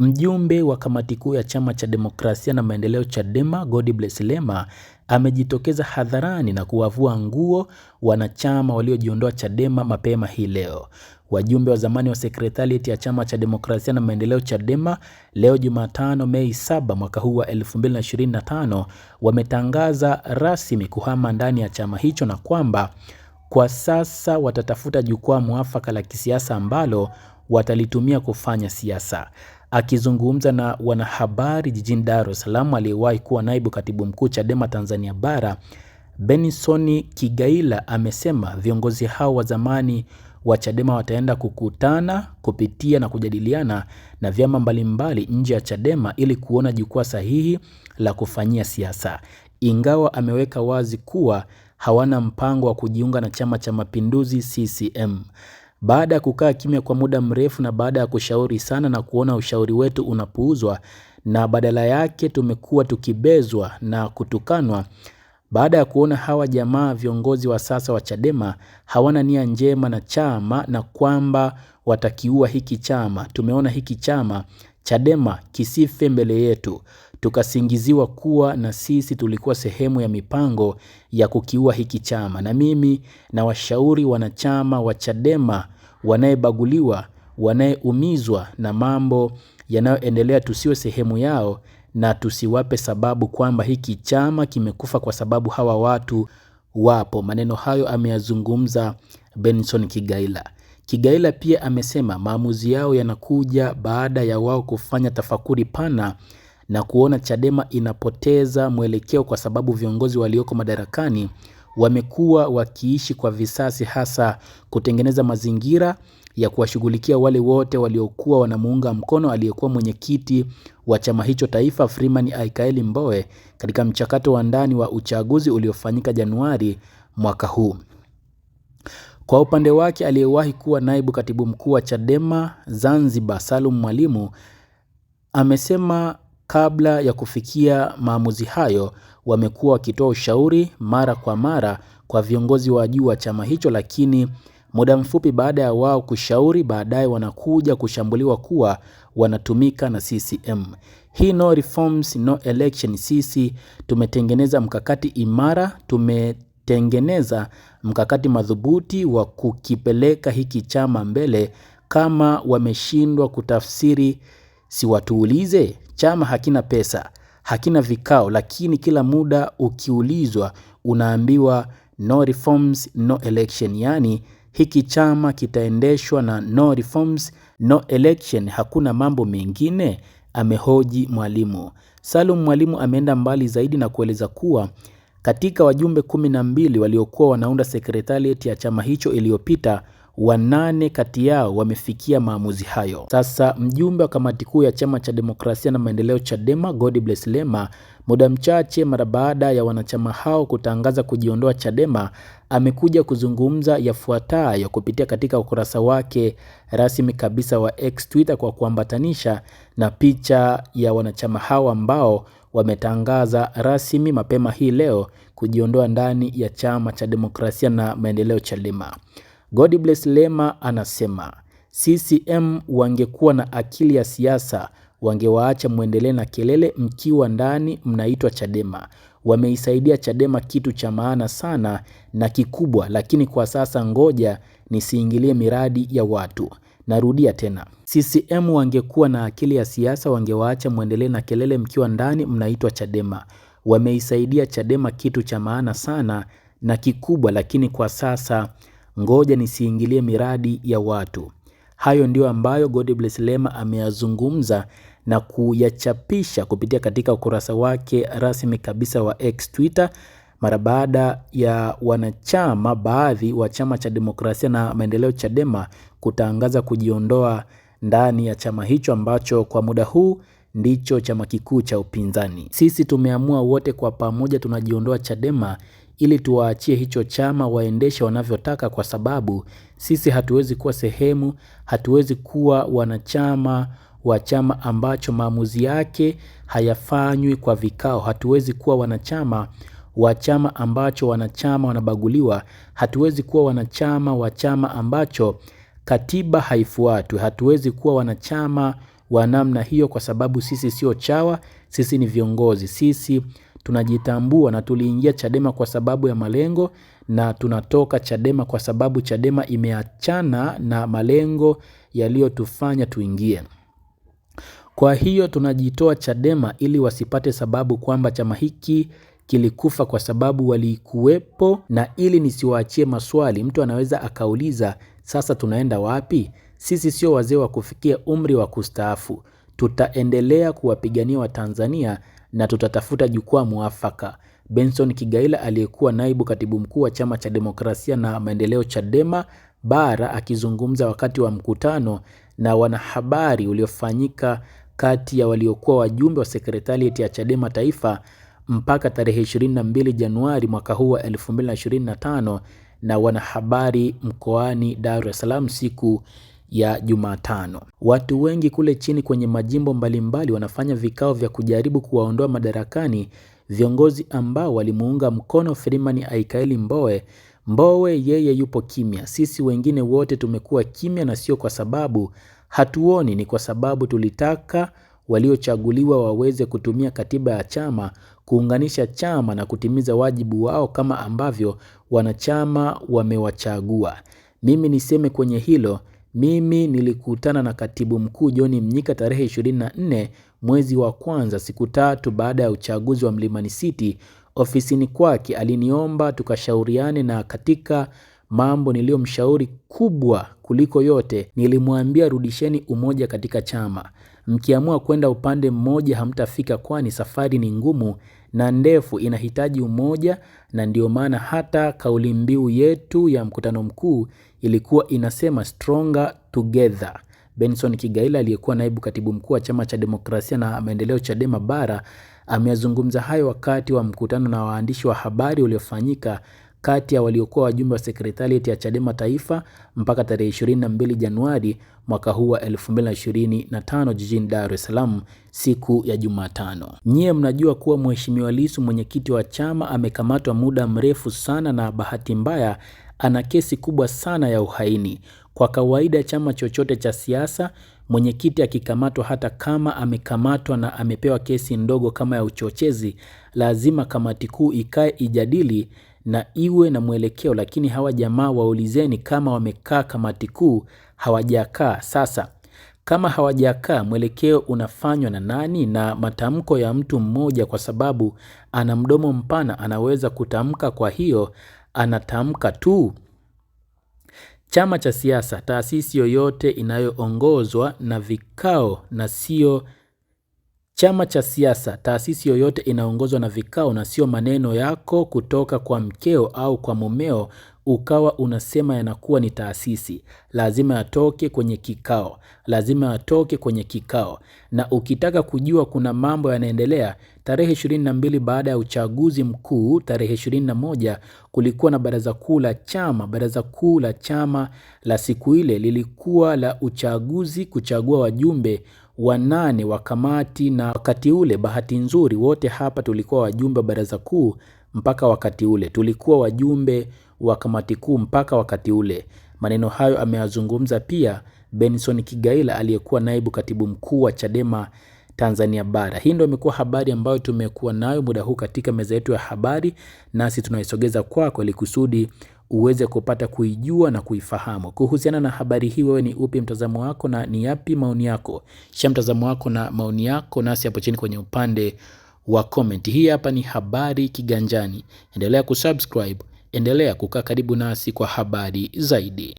Mjumbe wa kamati kuu ya chama cha demokrasia na maendeleo Chadema, Godbless Lema amejitokeza hadharani na kuwavua nguo wanachama waliojiondoa Chadema mapema hii leo. Wajumbe wa zamani wa sekretarieti ya chama cha demokrasia na maendeleo Chadema leo Jumatano Mei 7 mwaka huu wa 2025 wametangaza rasmi kuhama ndani ya chama hicho na kwamba kwa sasa watatafuta jukwaa mwafaka la kisiasa ambalo watalitumia kufanya siasa. Akizungumza na wanahabari jijini Dar es Salaam, aliyewahi kuwa naibu katibu mkuu Chadema Tanzania Bara, Benson Kigaila amesema viongozi hao wa zamani wa Chadema wataenda kukutana, kupitia na kujadiliana na vyama mbalimbali nje ya Chadema ili kuona jukwaa sahihi la kufanyia siasa, ingawa ameweka wazi kuwa hawana mpango wa kujiunga na Chama cha Mapinduzi CCM. Baada ya kukaa kimya kwa muda mrefu na baada ya kushauri sana na kuona ushauri wetu unapuuzwa na badala yake tumekuwa tukibezwa na kutukanwa, baada ya kuona hawa jamaa viongozi wa sasa wa Chadema hawana nia njema na chama na kwamba watakiua hiki chama, tumeona hiki chama Chadema kisife mbele yetu, tukasingiziwa kuwa na sisi tulikuwa sehemu ya mipango ya kukiua hiki chama. Na mimi na washauri wanachama wa Chadema wanayebaguliwa, wanayeumizwa na mambo yanayoendelea tusiwe sehemu yao na tusiwape sababu kwamba hiki chama kimekufa kwa sababu hawa watu wapo. Maneno hayo ameyazungumza Benson Kigaila. Kigaila pia amesema maamuzi yao yanakuja baada ya wao kufanya tafakuri pana na kuona Chadema inapoteza mwelekeo kwa sababu viongozi walioko madarakani wamekuwa wakiishi kwa visasi, hasa kutengeneza mazingira ya kuwashughulikia wale wote waliokuwa wanamuunga mkono aliyekuwa mwenyekiti wa chama hicho taifa Freeman Aikaeli Mbowe katika mchakato wa ndani wa uchaguzi uliofanyika Januari mwaka huu. Kwa upande wake, aliyewahi kuwa naibu katibu mkuu wa Chadema Zanzibar Salum Mwalimu amesema Kabla ya kufikia maamuzi hayo, wamekuwa wakitoa ushauri mara kwa mara kwa viongozi wa juu wa chama hicho, lakini muda mfupi baada ya wao kushauri, baadaye wanakuja kushambuliwa kuwa wanatumika na CCM. Hii no reforms no election. Sisi tumetengeneza mkakati imara, tumetengeneza mkakati madhubuti wa kukipeleka hiki chama mbele. Kama wameshindwa kutafsiri, si watuulize? Chama hakina pesa, hakina vikao, lakini kila muda ukiulizwa unaambiwa no reforms no election, yaani hiki chama kitaendeshwa na no reforms no election, hakuna mambo mengine, amehoji Mwalimu. Salum Mwalimu ameenda mbali zaidi na kueleza kuwa katika wajumbe kumi na mbili waliokuwa wanaunda sekretarieti ya chama hicho iliyopita wanane kati yao wamefikia maamuzi hayo. Sasa mjumbe wa kamati kuu ya chama cha demokrasia na maendeleo Chadema, bless Lema, muda mchache mara baada ya wanachama hao kutangaza kujiondoa Chadema, amekuja kuzungumza yafuatayo kupitia katika ukurasa wake rasmi kabisa wa X Twitter, kwa kuambatanisha na picha ya wanachama hao ambao wametangaza rasmi mapema hii leo kujiondoa ndani ya chama cha demokrasia na maendeleo Chadema. Godbless Lema anasema CCM wangekuwa na akili ya siasa wangewaacha mwendelee na kelele mkiwa ndani mnaitwa Chadema. Wameisaidia Chadema kitu cha maana sana na kikubwa, lakini kwa sasa ngoja nisiingilie miradi ya watu. Narudia tena, CCM wangekuwa na akili ya siasa wangewaacha mwendelee na kelele mkiwa ndani mnaitwa Chadema. Wameisaidia Chadema kitu cha maana sana na kikubwa, lakini kwa sasa ngoja nisiingilie miradi ya watu. Hayo ndiyo ambayo God Bless Lema ameyazungumza na kuyachapisha kupitia katika ukurasa wake rasmi kabisa wa X Twitter mara baada ya wanachama baadhi wa chama cha demokrasia na maendeleo Chadema kutangaza kujiondoa ndani ya chama hicho ambacho kwa muda huu ndicho chama kikuu cha upinzani. Sisi tumeamua wote kwa pamoja tunajiondoa Chadema ili tuwaachie hicho chama waendeshe wanavyotaka, kwa sababu sisi hatuwezi kuwa sehemu, hatuwezi kuwa wanachama wa chama ambacho maamuzi yake hayafanywi kwa vikao. Hatuwezi kuwa wanachama wa chama ambacho wanachama wanabaguliwa. Hatuwezi kuwa wanachama wa chama ambacho katiba haifuatwi. Hatuwezi kuwa wanachama wa namna hiyo, kwa sababu sisi sio chawa, sisi ni viongozi, sisi tunajitambua na tuliingia Chadema kwa sababu ya malengo na tunatoka Chadema kwa sababu Chadema imeachana na malengo yaliyotufanya tuingie. Kwa hiyo tunajitoa Chadema ili wasipate sababu kwamba chama hiki kilikufa kwa sababu walikuwepo. Na ili nisiwaachie maswali, mtu anaweza akauliza sasa tunaenda wapi? Sisi sio wazee wa kufikia umri wa kustaafu. Tutaendelea kuwapigania Watanzania na tutatafuta jukwaa mwafaka. Benson Kigaila aliyekuwa naibu katibu mkuu wa chama cha demokrasia na maendeleo Chadema bara akizungumza wakati wa mkutano na wanahabari uliofanyika kati ya waliokuwa wajumbe wa sekretarieti ya Chadema taifa mpaka tarehe 22 Januari mwaka huu wa 2025 na wanahabari mkoani Dar es Salaam siku ya Jumatano. Watu wengi kule chini kwenye majimbo mbalimbali wanafanya vikao vya kujaribu kuwaondoa madarakani viongozi ambao walimuunga mkono Freeman Aikaeli Mbowe. Mbowe yeye yupo kimya, sisi wengine wote tumekuwa kimya, na sio kwa sababu hatuoni, ni kwa sababu tulitaka waliochaguliwa waweze kutumia katiba ya chama kuunganisha chama na kutimiza wajibu wao kama ambavyo wanachama wamewachagua. Mimi niseme kwenye hilo mimi nilikutana na katibu mkuu John Mnyika tarehe 24 mwezi wa kwanza, siku tatu baada ya uchaguzi wa Mlimani City. Ofisini kwake aliniomba tukashauriane, na katika mambo niliyomshauri kubwa kuliko yote nilimwambia, rudisheni umoja katika chama. Mkiamua kwenda upande mmoja hamtafika, kwani safari ni ngumu na ndefu inahitaji umoja, na ndio maana hata kauli mbiu yetu ya mkutano mkuu ilikuwa inasema stronger together. Benson Kigaila aliyekuwa naibu katibu mkuu wa chama cha demokrasia na maendeleo Chadema bara ameyazungumza hayo wakati wa mkutano na waandishi wa habari uliofanyika kati ya waliokuwa wajumbe wa sekretarieti ya Chadema Taifa mpaka tarehe 22 Januari mwaka huu wa 2025 jijini Dar es Salaam siku ya Jumatano. Nyie mnajua kuwa Mheshimiwa Lissu mwenyekiti wa chama amekamatwa muda mrefu sana na bahati mbaya ana kesi kubwa sana ya uhaini. Kwa kawaida chama chochote cha siasa mwenyekiti akikamatwa, hata kama amekamatwa na amepewa kesi ndogo kama ya uchochezi, lazima kamati kuu ikae ijadili na iwe na mwelekeo, lakini hawa jamaa waulizeni kama wamekaa kamati kuu. Hawajakaa. Sasa kama hawajakaa, mwelekeo unafanywa na nani? Na matamko ya mtu mmoja, kwa sababu ana mdomo mpana, anaweza kutamka, kwa hiyo anatamka tu. Chama cha siasa, taasisi yoyote inayoongozwa na vikao na sio Chama cha siasa, taasisi yoyote inaongozwa na vikao na sio maneno yako kutoka kwa mkeo au kwa mumeo ukawa unasema yanakuwa ni taasisi. Lazima yatoke kwenye kikao, lazima yatoke kwenye kikao. Na ukitaka kujua kuna mambo yanaendelea, tarehe 22 baada ya uchaguzi mkuu, tarehe 21 kulikuwa na baraza kuu la chama. Baraza kuu la chama la siku ile lilikuwa la uchaguzi, kuchagua wajumbe wanane wa kamati, na wakati ule, bahati nzuri, wote hapa tulikuwa wajumbe wa baraza kuu mpaka wakati ule, tulikuwa wajumbe wa kamati kuu mpaka wakati ule. Maneno hayo ameyazungumza pia Benson Kigaila aliyekuwa naibu katibu mkuu wa Chadema Tanzania Bara. Hii ndio imekuwa habari ambayo tumekuwa nayo muda huu katika meza yetu ya habari, nasi tunaisogeza kwako ili kusudi uweze kupata kuijua na kuifahamu. Kuhusiana na habari hii, wewe ni upi mtazamo wako na ni yapi maoni yako? Shia mtazamo wako na maoni yako nasi hapo chini kwenye upande wa comment. Hii hapa ni Habari Kiganjani. Endelea kusubscribe, endelea kukaa karibu nasi kwa habari zaidi.